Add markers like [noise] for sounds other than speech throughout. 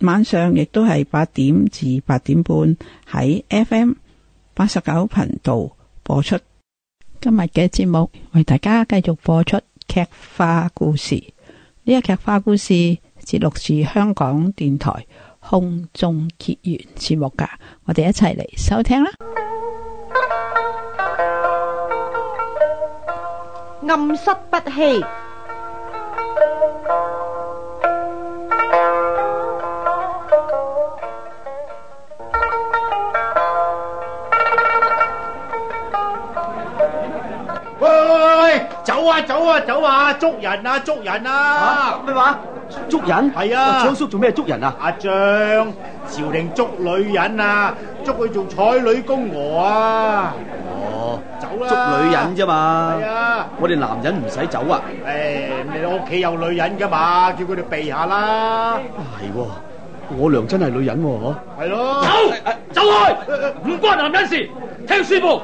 晚上亦都係八點至八點半喺 FM 八十九頻道播出。今日嘅節目，為大家繼續播出劇化故事。呢個劇化故事節錄自香港電台《空中結緣》節目噶，我哋一齊嚟收聽啦。暗室不欺。快走啊，走啊！捉人啊，捉人啊！吓？咩話？捉人？係啊！張叔做咩捉人啊？阿張，朝廷捉女人啊，捉去做彩女宮娥啊。哦，走啦。捉女人啫嘛。係啊。我哋男人唔使走啊。誒，你屋企有女人噶嘛？叫佢哋避下啦。係喎，我娘真係女人喎，嗬。係咯。走，走開，唔關男人事，聽師傅。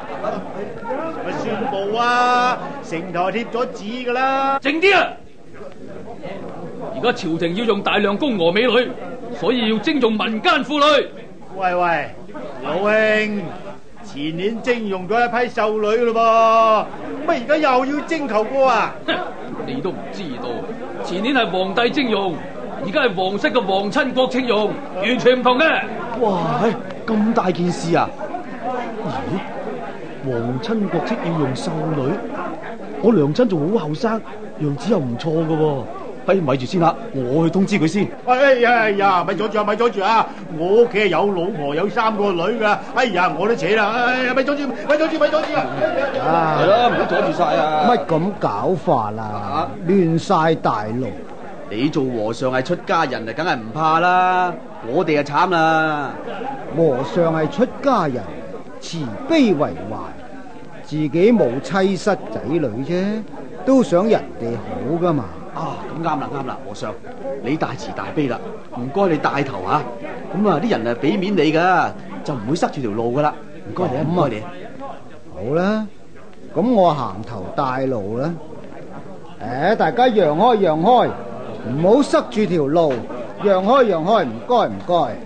哇，城台貼咗紙噶啦，靜啲啊！而家朝廷要用大量宮娥美女，所以要徵用民間婦女。喂喂，老兄，前年徵用咗一批秀女咯噃，乜而家又要徵求過啊？ [laughs] 你都唔知道，前年係皇帝徵用，而家係皇室嘅皇親國戚用，完全唔同嘅。哇，咁大件事啊？咦？皇親國戚要用秀女，我娘親仲好後生，樣子又唔錯噶，不如咪住先啦，我去通知佢先。哎呀，咪阻住啊，咪阻住啊！我屋企係有老婆有三個女噶，哎呀，我都扯啦，哎呀，咪阻住，咪阻住，咪阻住啊！係咯，唔好阻住晒啊！乜咁搞法啊？亂晒大路！你做和尚係出家人啊，梗係唔怕啦。我哋啊慘啦，和尚係出家人。慈悲為懷，自己冇妻室仔女啫，都想人哋好噶嘛。啊，咁啱啦啱啦，和尚，你大慈大悲啦，唔該你帶頭啊。咁啊，啲人係俾面你噶，就唔會塞住條路噶啦。唔該你，唔該麼你，好啦，咁我行頭帶路啦。誒、哎，大家讓開讓開，唔好塞住條路，讓開讓開，唔該唔該。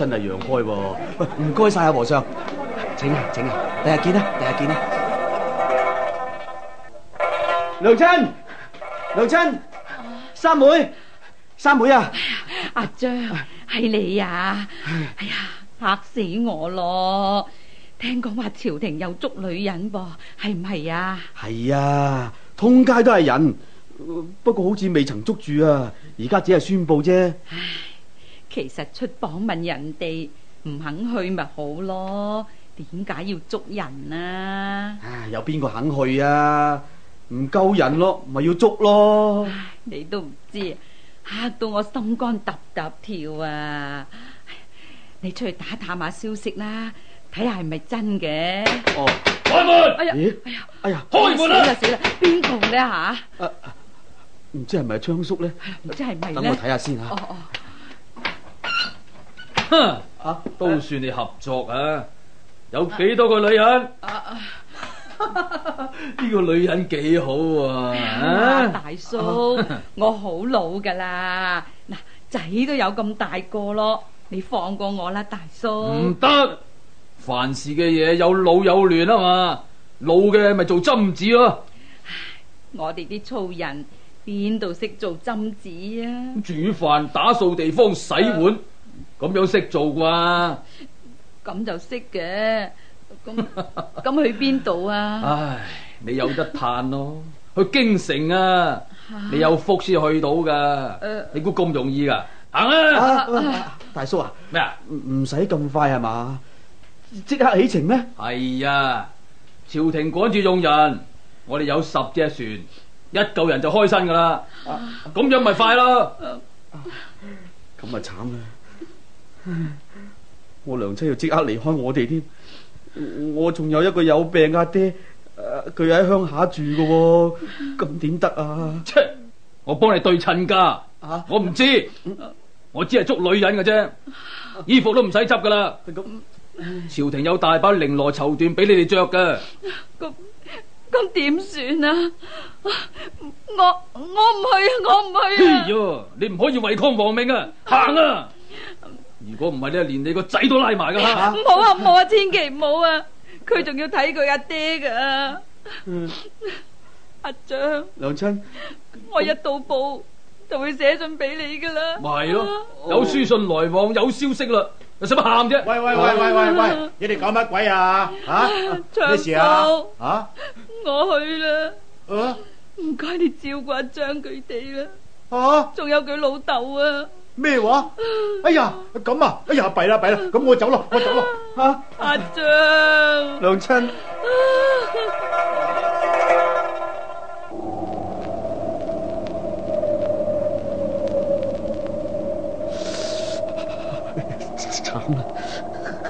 真係讓開喎！唔該晒阿和尚，請啊，請啊，第日見啦，第日見啦！娘親，娘親，三妹，三妹啊！阿張，係你啊！哎呀，嚇死我咯！聽講話朝廷又捉女人噃，係唔係啊？係啊，通街都係人，不過好似未曾捉住啊！而家只係宣布啫。其實出榜問人哋唔肯去咪好咯？點解要捉人啊？唉，有邊個肯去啊？唔夠人咯，咪要捉咯？你都唔知吓到我心肝揼揼跳啊！你出去打探下消息啦，睇下係咪真嘅。哦，開門！哎呀，哎呀，哎呀，開門啦！邊個死啦？邊個咧吓？唔知係咪昌叔咧？唔知係咪咧？等我睇下先吓。哼，哈啊，都算你合作啊！啊有幾多個女人？呢、啊、 [laughs] 個女人幾好啊！啊啊大叔，啊、我好老噶啦，嗱、啊，仔都有咁大個咯，你放過我啦，大叔。唔得，凡事嘅嘢有老有嫩啊嘛，老嘅咪做針子咯、啊。唉，我哋啲粗人邊度識做針子啊？煮飯、打掃地方、洗碗、啊。咁樣識做啩？咁就識嘅。咁咁去邊度啊？唉，你有得嘆咯。去京城啊！你有福先去到噶。你估咁容易噶？行啊，大叔啊，咩啊？唔唔使咁快係嘛？即刻起程咩？係啊，朝廷趕住用人，我哋有十隻船，一救人就開身噶啦。咁樣咪快咯。咁咪慘啦。我娘妻又即刻離開我哋添，我仲有一個有病阿爹，佢喺鄉下住嘅，咁點得啊？我幫你對襯噶，我唔知，我只係捉女人噶啫，衣服都唔使執噶啦。咁朝廷有大把綾羅綢緞俾你哋着噶，咁咁點算啊？我我唔去啊！我唔去啊！你唔可以違抗皇命啊！行啊！如果唔係，你連你個仔都拉埋噶啦！唔好啊，唔好，好、嗯、啊，千祈唔好啊！佢仲要睇佢阿爹噶，阿張。娘親，我一到埗就會寫信俾你噶啦。咪係咯，啊啊、有書信來往，有消息啦，使乜喊啫？喂喂喂喂喂喂！你哋講乜鬼啊？吓咩事啊？啊我去啦，唔該、啊、你照顧阿張佢哋啦。吓，仲有佢老豆啊！咩話？哎呀，咁啊，哎呀，弊啦弊啦，咁我走咯，我走咯，吓！阿張，娘親，慘啦，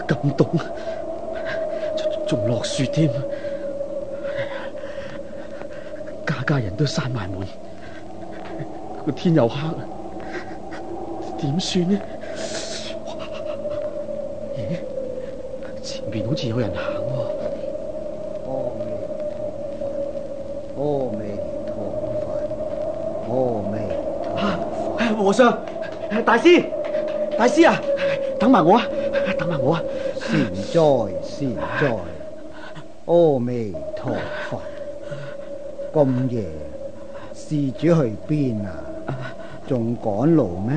咁凍，仲落雪添，家家人都閂埋門，個天又黑啦。點算咧？咦，前邊好似有人行。阿彌陀佛，阿彌陀佛，阿彌陀佛。啊，和尚，大師，大師啊，等埋我啊，等埋我啊。善哉善哉，阿彌陀佛。咁夜，事主去邊啊？仲趕路咩？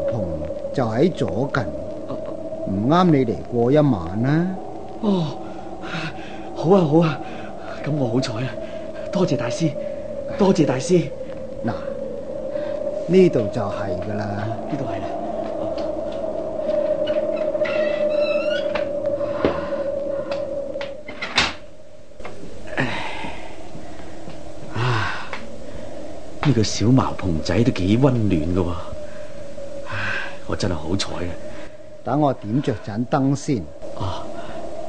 就喺左近，唔啱你嚟過一晚啦。哦，好啊好啊，咁我好彩啊，多謝大師，多謝大師。嗱，呢度就係噶啦。呢度係啦。唉，啊，呢個小茅棚仔都幾溫暖噶。我真係好彩啊，等我點着盞燈先。哦，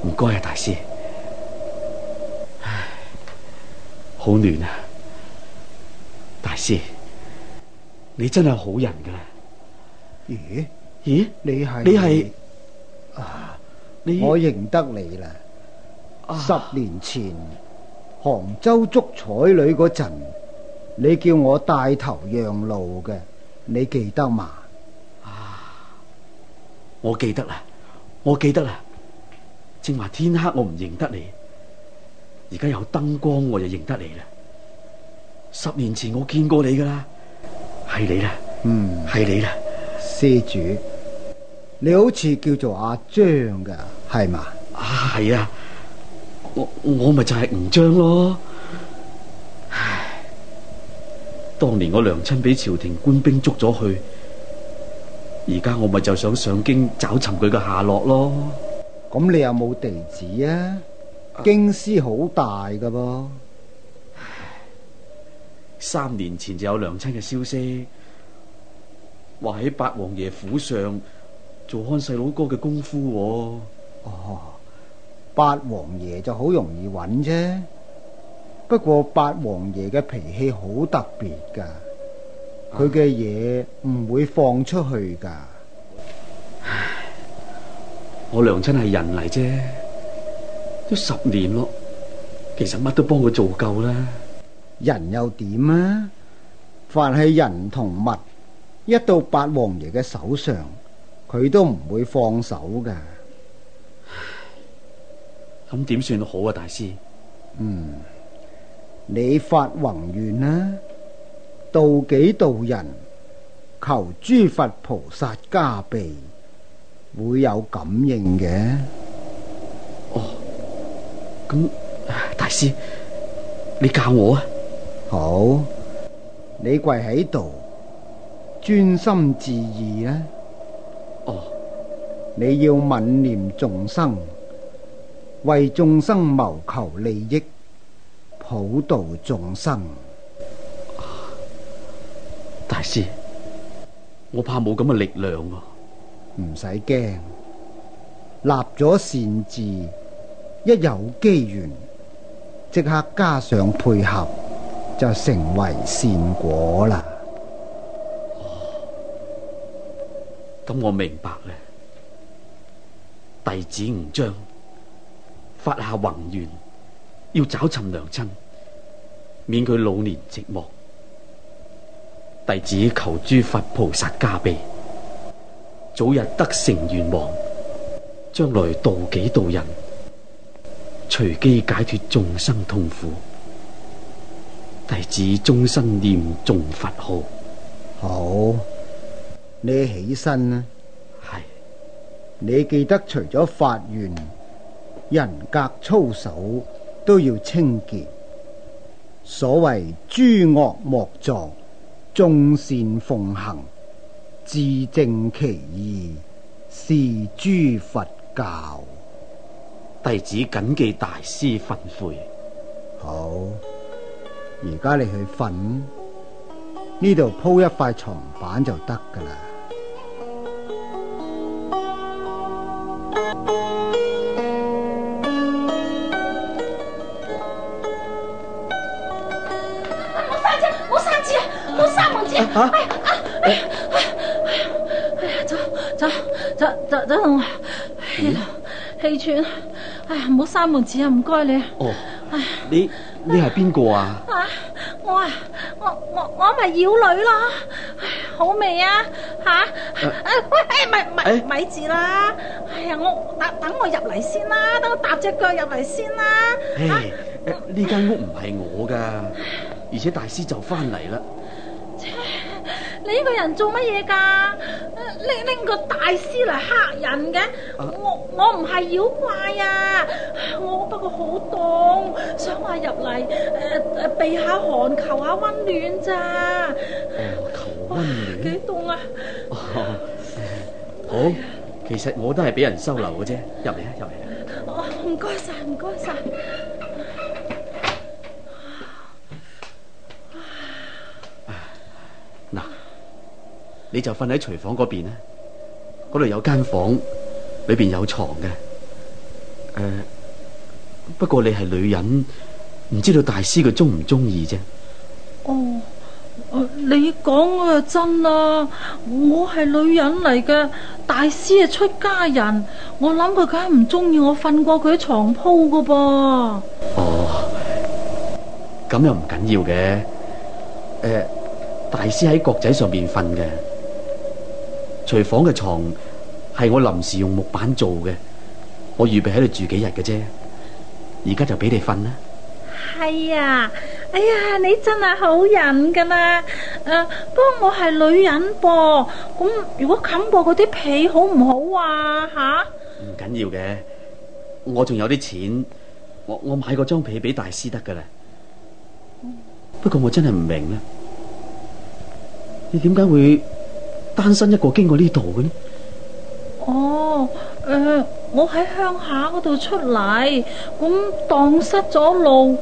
唔該啊，大師。唉，好暖啊，大師，你真係好人噶啦。咦咦，你係你係啊？你我認得你啦。啊、十年前杭州捉彩女嗰陣，你叫我帶頭讓路嘅，你記得嘛？我記得啦，我記得啦，正話天黑我唔認得你，而家有燈光我就認得你啦。十年前我見過你噶啦，係你啦，嗯，係你啦，施主，你好似叫做阿張噶，係嘛？啊，係啊，我我咪就係吳張咯。唉，當年我娘親俾朝廷官兵捉咗去。而家我咪就想上京找尋佢嘅下落咯。咁你有冇地址啊？京師好大噶噃。三年前就有娘親嘅消息，話喺八王爺府上做看細佬哥嘅功夫。哦，八王爺就好容易揾啫。不過八王爺嘅脾氣好特別噶。佢嘅嘢唔會放出去㗎。我娘親係人嚟啫，都十年咯。其實乜都幫佢做夠啦。人又點啊？凡係人同物，一到八王爺嘅手上，佢都唔會放手㗎。咁點算好啊，大師？嗯，你發宏願啦。度己度人，求諸佛菩薩加被，會有感應嘅。哦，咁大師，你教我啊。好，你跪喺度，專心致意呢。哦，你要憫念眾生，為眾生謀求利益，普度眾生。師，我怕冇咁嘅力量啊！唔使驚，立咗善志，一有機緣，即刻加上配合，就成為善果啦。哦，咁我明白啦。弟子唔章發下宏願，要找尋娘親，免佢老年寂寞。弟子求諸佛菩薩加被，早日得成願望，將來度己度人，隨機解脫眾生痛苦。弟子終身念誦佛號。好，你起身啦。係是你記得，除咗法緣，人格操守都要清潔。所謂諸惡莫作。眾善奉行，自正其意，是諸佛教。弟子謹記大師訓誨。好，而家你去瞓，呢度鋪一塊床板就得噶啦。啊！哎呀，哎呀，哎呀，哎呀，走，走，走，走，走同我，氣氣喘，哎呀，唔好閂門子啊，唔該你。哦，你你係邊個啊？我啊，我我我咪妖女啦，好味啊？吓，喂，咪咪咪住啦，哎呀，我等等我入嚟先啦，等我搭隻腳入嚟先啦。唉，呢間屋唔係我噶，而且大師就翻嚟啦。呢個人做乜嘢噶？拎拎個大師嚟吓人嘅？啊，我我唔係妖怪啊！我不過好凍，想話入嚟誒誒避下寒,寒，求下温暖咋？哦，求温暖，幾凍啊！好，其實我都係俾人收留嘅啫，入嚟啊，入嚟啊，哦，唔該晒，唔該晒。你就瞓喺廚房嗰邊咧，嗰度有間房，裏邊有床嘅。誒、呃，不過你係女人，唔知道大師佢中唔中意啫。哦，誒、呃，你講就真啦，我係女人嚟嘅，大師係出家人，我諗佢梗係唔中意我瞓過佢床鋪㗎噃。哦，咁又唔緊要嘅。誒、呃，大師喺國仔上邊瞓嘅。廚房嘅床係我臨時用木板做嘅，我預備喺度住幾日嘅啫。而家就俾你瞓啦。係啊，哎呀，你真係好人噶啦。誒、呃，不過我係女人噃，咁如果冚過嗰啲被好唔好啊？吓、啊，唔緊要嘅，我仲有啲錢，我我買過張被俾大師得噶啦。不過我真係唔明呢，你點解會？單身一個經過呢度嘅呢？哦，誒，我喺鄉下嗰度出嚟，咁蕩失咗路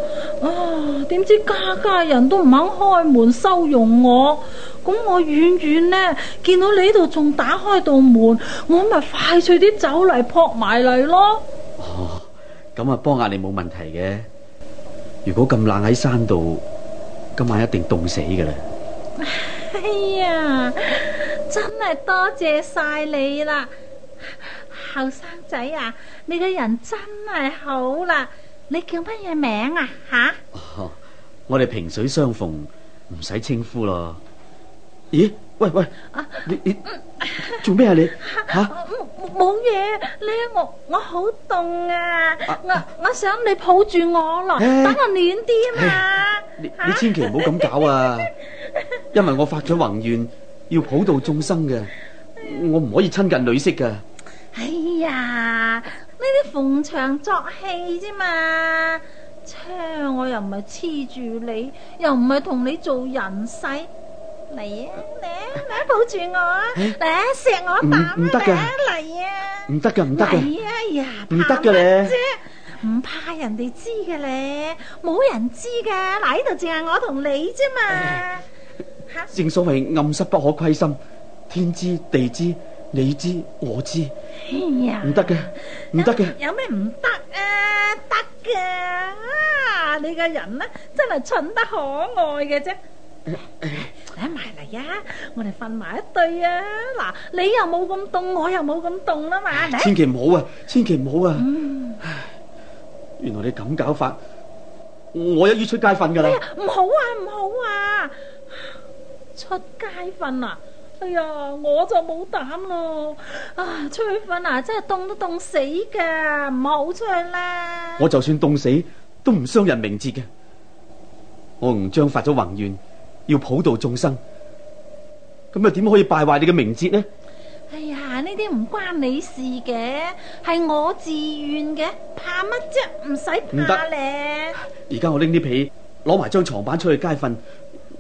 啊！點知家家人都唔肯開門收容我，咁我遠遠呢見到你呢度仲打開道門，我咪快脆啲走嚟撲埋嚟咯！哦，咁啊，幫下你冇問題嘅。如果咁冷喺山度，今晚一定凍死噶啦！哎呀。真係多謝晒你啦，後生仔啊，你個人真係好啦、啊。你叫乜嘢名啊？吓、啊哦，我哋萍水相逢，唔使稱呼咯。咦？喂喂，你你 [laughs] 做咩啊？你吓，冇、啊、嘢。你？我我好凍啊，我我，啊啊我，我想你抱住我咯，等我暖啲啊嘛、哎哎啊。你你千祈唔好咁搞啊， [laughs] 因為我發咗宏願。要普度眾生嘅，我唔可以親近女色噶。哎呀，呢啲逢場作戲啫嘛，切！我又唔係黐住你，又唔係同你做人世。嚟啊，你、啊，你、啊、抱住我、哎、啊，嚟錫我啖啊，嚟啊，唔得嘅，唔得嘅，啊、哎呀，唔得嘅咧，唔怕人哋知嘅咧，冇人知嘅，嗱，呢度淨係我同你啫嘛。啊、正所謂暗室不可虧心，天知地知你知我知，唔得嘅，唔得嘅，有咩唔得啊？得噶，啊，你個人呢，啊，真係蠢得可愛嘅啫。你埋嚟啊，我哋瞓埋一對啊！嗱，你又冇咁凍，我又冇咁凍啦嘛。哎，千祈唔好啊，千祈唔好啊！原來你咁搞法，我一於出街瞓噶啦。唔好啊，唔好啊！出街瞓啊！哎呀，我就冇膽咯！啊，出去瞓啊，真係凍都凍死噶，唔好出去啦！我就算凍死都唔傷人名節嘅。我唔張發咗宏願，要普度眾生，咁又點可以敗壞你嘅名節呢？哎呀，呢啲唔關你事嘅，係我自願嘅，怕乜啫？唔使怕得咧！而家我拎啲被，攞埋張床板出去街瞓。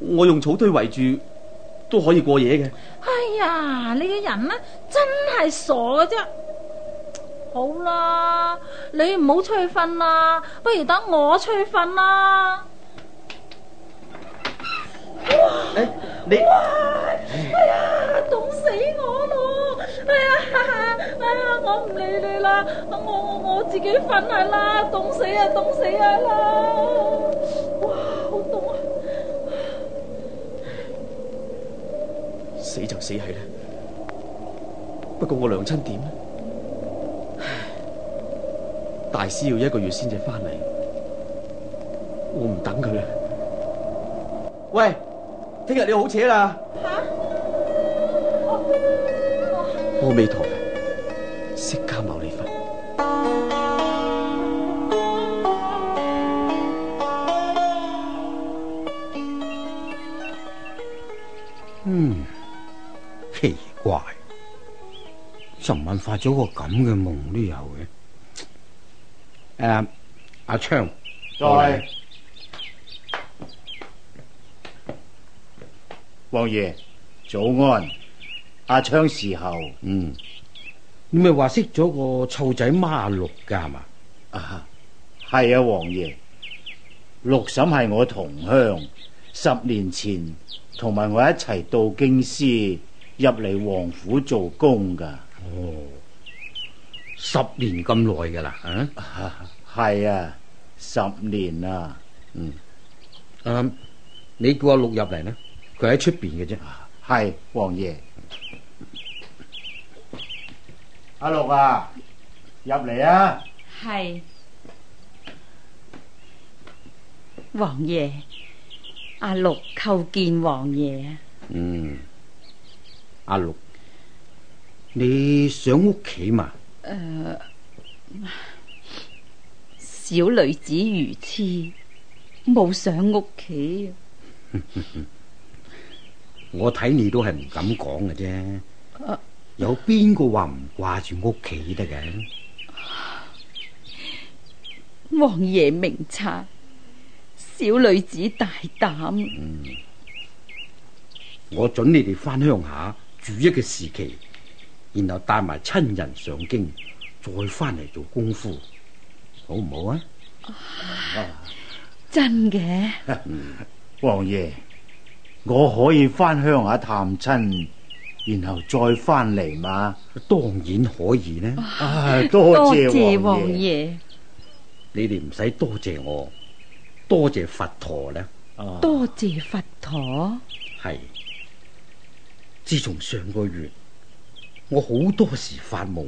我用草堆圍住都可以過夜嘅。哎呀，你嘅人呢？真係傻㗎啫。好啦，你唔好出去瞓啦，不如等我出去瞓啦、哎。你你哇！哎呀，凍死我咯！哎呀，哎呀，我唔理你啦，等我我我自己瞓下啦，凍死啊，凍死啊啦！哇！死就死喺啦，不過我娘親點呢？大師要一個月先至翻嚟，我唔等佢啦。喂，聽日你好扯啦！阿彌、啊啊啊、陀佛，釋迦牟尼佛怪，尋晚發咗個咁嘅夢都有嘅。誒、uh,，阿昌，再王爺早安，阿昌侍候。嗯，你咪話識咗個臭仔媽六噶係嘛？啊，係啊，王爺，六嬸係我同鄉，十年前同埋我一齊到京師。入嚟王府做工噶，哦，十年咁耐噶啦，嗯，係啊，十年啊，嗯，誒，你叫阿六入嚟呢，佢喺出邊嘅啫。係，王爺，阿六啊，入嚟啊，係，王爺，阿六叩見王爺，嗯。阿六，你想屋企嘛？誒、呃，小女子如此冇想屋企。 [laughs] 我睇你都係唔敢講嘅啫。呃、有邊個話唔掛住屋企得嘅？王爺明察，小女子大膽。嗯，我准你哋返鄉下。住一個時期，然後帶埋親人上京，再翻嚟做功夫，好唔好啊？真嘅， [laughs] 王爺，我可以翻鄉下探親，然後再翻嚟嘛？當然可以呢。啊、多謝王爺，你哋唔使多謝我，多謝佛陀呢？多謝佛陀，係、啊。自從上個月，我好多時發夢，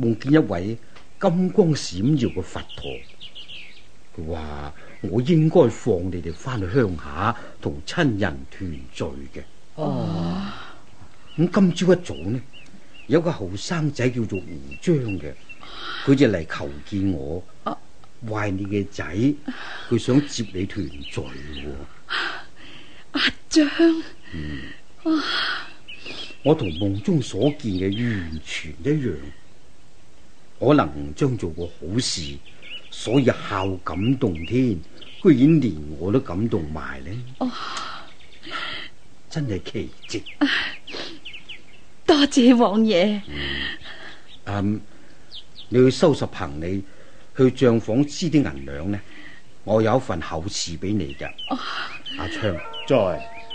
夢見一位金光閃耀嘅佛陀。佢話我應該放你哋翻去鄉下同親人團聚嘅。哦，咁、嗯、今朝一早呢，有個後生仔叫做胡章嘅，佢就嚟求見我。哦，話係你嘅仔，佢想接你團聚。阿章、哦。嗯。我同夢中所見嘅完全一樣，可能將做過好事，所以孝感動天，居然連我都感動埋呢？Oh. 真係奇迹！多謝王爺。嗯，um, 你去收拾行李，去賬房支啲銀兩呢。我有一份厚賜俾你噶，oh. 阿昌在。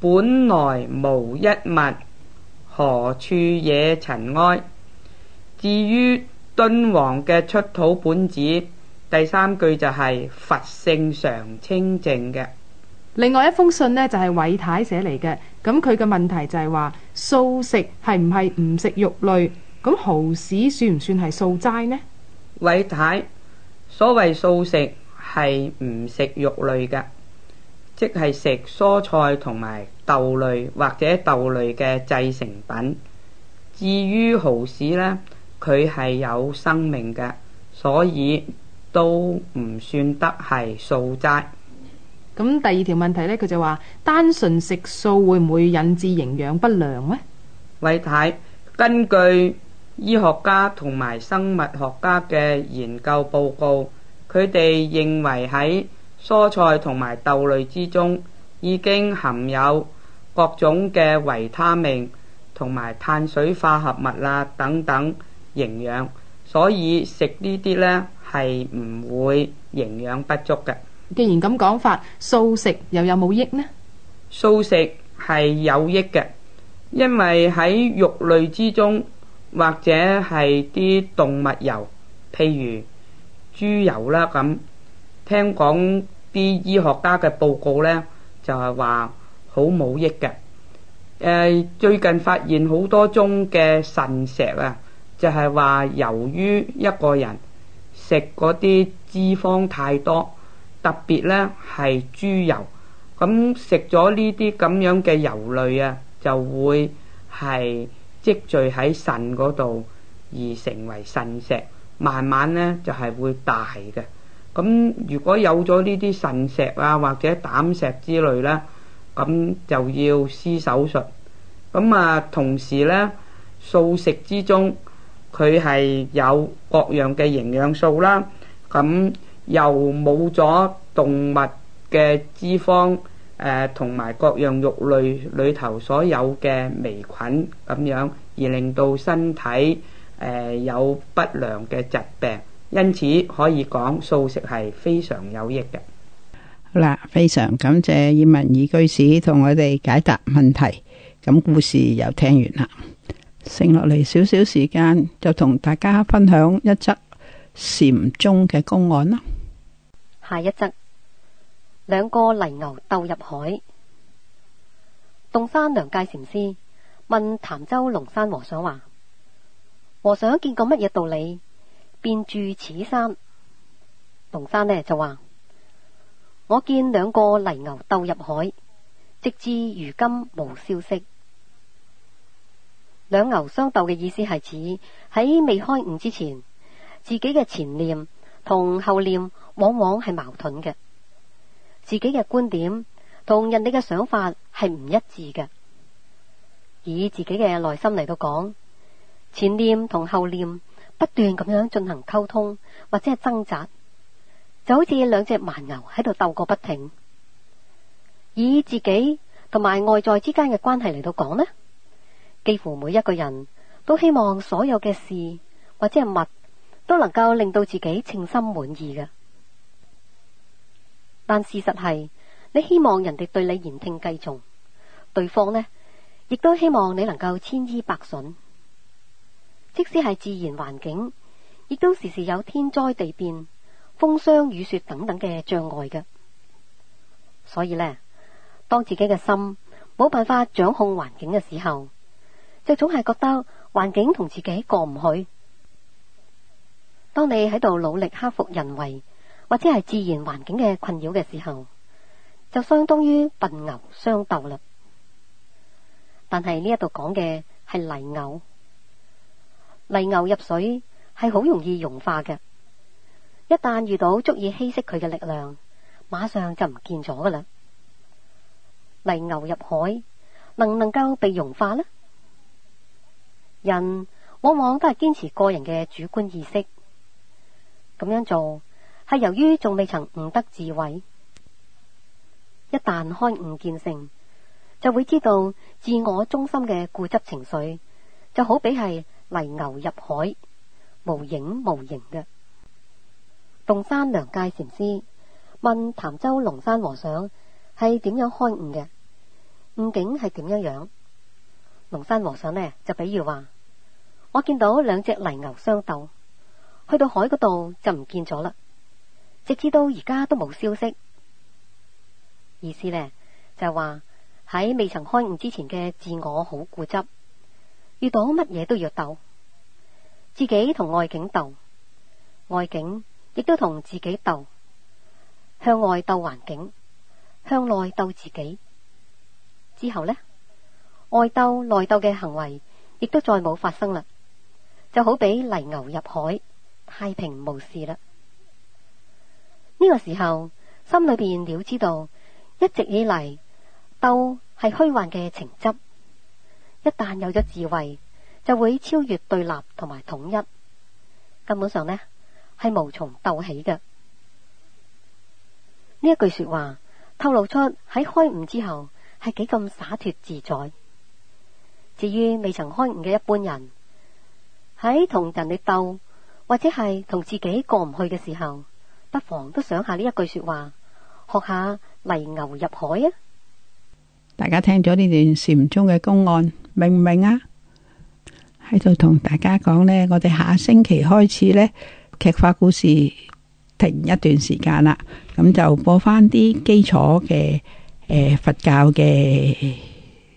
本來無一物，何處惹塵埃？至於敦煌嘅出土本子，第三句就係佛性常清淨嘅。另外一封信呢，就係、是、偉太寫嚟嘅。咁佢嘅問題就係話素食係唔係唔食肉類？咁蠔豉算唔算係素齋呢？偉太，所謂素食係唔食肉類嘅。即係食蔬菜同埋豆類或者豆類嘅製成品。至於蠔豉呢，佢係有生命嘅，所以都唔算得係素齋。咁第二條問題呢，佢就話單純食素會唔會引致營養不良呢？偉太，根據醫學家同埋生物學家嘅研究報告，佢哋認為喺蔬菜同埋豆類之中，已經含有各種嘅維他命同埋碳水化合物啦，等等營養，所以食呢啲呢係唔會營養不足嘅。既然咁講法，素食又有冇益呢？素食係有益嘅，因為喺肉類之中或者係啲動物油，譬如豬油啦咁。聽講啲醫學家嘅報告呢，就係話好冇益嘅、呃。最近發現好多宗嘅腎石啊，就係、是、話由於一個人食嗰啲脂肪太多，特別呢係豬油，咁食咗呢啲咁樣嘅油類啊，就會係積聚喺腎嗰度而成為腎石，慢慢呢就係、是、會大嘅。咁如果有咗呢啲腎石啊或者膽石之類咧，咁就要施手術。咁啊，同時咧，素食之中佢係有各樣嘅營養素啦，咁又冇咗動物嘅脂肪，誒同埋各樣肉類裏頭所有嘅微菌咁樣，而令到身體誒、呃、有不良嘅疾病。因此可以講素食係非常有益嘅。好啦，非常感謝以文爾居士同我哋解答問題。咁故事又聽完啦，剩落嚟少少時間就同大家分享一則禪宗嘅公案啦。下一則，兩個泥牛鬥入海。洞山良介禪師問潭州龍山和尚話：和尚見過乜嘢道理？便住此山，龍山呢就話：我見兩個泥牛鬥入海，直至如今無消息。兩牛相鬥嘅意思係指喺未開悟之前，自己嘅前念同後念往往係矛盾嘅，自己嘅觀點同人哋嘅想法係唔一致嘅。以自己嘅內心嚟到講，前念同後念。不斷咁樣進行溝通或者係掙扎，就好似兩隻蠻牛喺度鬥個不停。以自己同埋外在之間嘅關係嚟到講呢，幾乎每一個人都希望所有嘅事或者係物都能夠令到自己稱心滿意嘅。但事實係你希望人哋對你言聽計從，對方呢亦都希望你能夠千依百順。即使係自然環境，亦都時時有天災地變、風霜雨雪等等嘅障礙嘅。所以呢，當自己嘅心冇辦法掌控環境嘅時候，就總係覺得環境同自己過唔去。當你喺度努力克服人為或者係自然環境嘅困擾嘅時候，就相當於笨牛相鬥啦。但係呢一度講嘅係泥牛。泥牛入水係好容易融化嘅，一旦遇到足以稀釋佢嘅力量，馬上就唔見咗噶啦。泥牛入海，能唔能夠被融化呢？人往往都係堅持個人嘅主觀意識，咁樣做係由於仲未曾悟得智慧。一旦開悟見性，就會知道自我中心嘅固執情緒就好比係。泥牛入海，無影無形嘅。洞山良介禪師問潭州龍山和尚：係點樣開悟嘅？悟境係點樣樣？龍山和尚呢，就比如話：我見到兩隻泥牛相鬥，去到海嗰度就唔見咗啦，直至到而家都冇消息。意思呢，就係話喺未曾開悟之前嘅自我好固執。遇到乜嘢都要鬥，自己同外境鬥，外境亦都同自己鬥，向外鬥環境，向內鬥自己。之後呢，外鬥內鬥嘅行為亦都再冇發生啦，就好比泥牛入海，太平無事啦。呢、這個時候，心裏邊了知道，一直以嚟鬥係虛幻嘅情執。一旦有咗智慧，就會超越對立同埋統一，根本上呢係無從鬥起嘅。呢一句說話透露出喺開悟之後係幾咁灑脱自在。至於未曾開悟嘅一般人，喺同人哋鬥或者係同自己過唔去嘅時候，不妨都想下呢一句說話，學下泥牛入海啊！大家聽咗呢段禪宗嘅公案，明唔明啊？喺度同大家講呢，我哋下星期開始呢劇化故事停一段時間啦，咁就播翻啲基礎嘅、呃、佛教嘅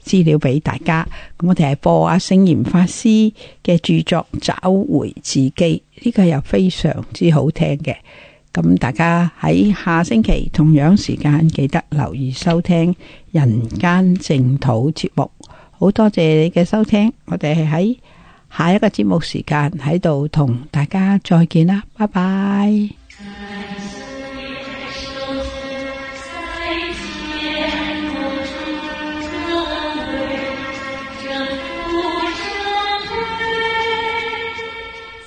資料俾大家。咁我哋係播阿聖嚴法師嘅著作《找回自己》這，呢個又非常之好聽嘅。咁大家喺下星期同樣時間記得留意收聽《人間淨土》節目，好多謝你嘅收聽，我哋喺下一個節目時間喺度同大家再見啦，拜拜。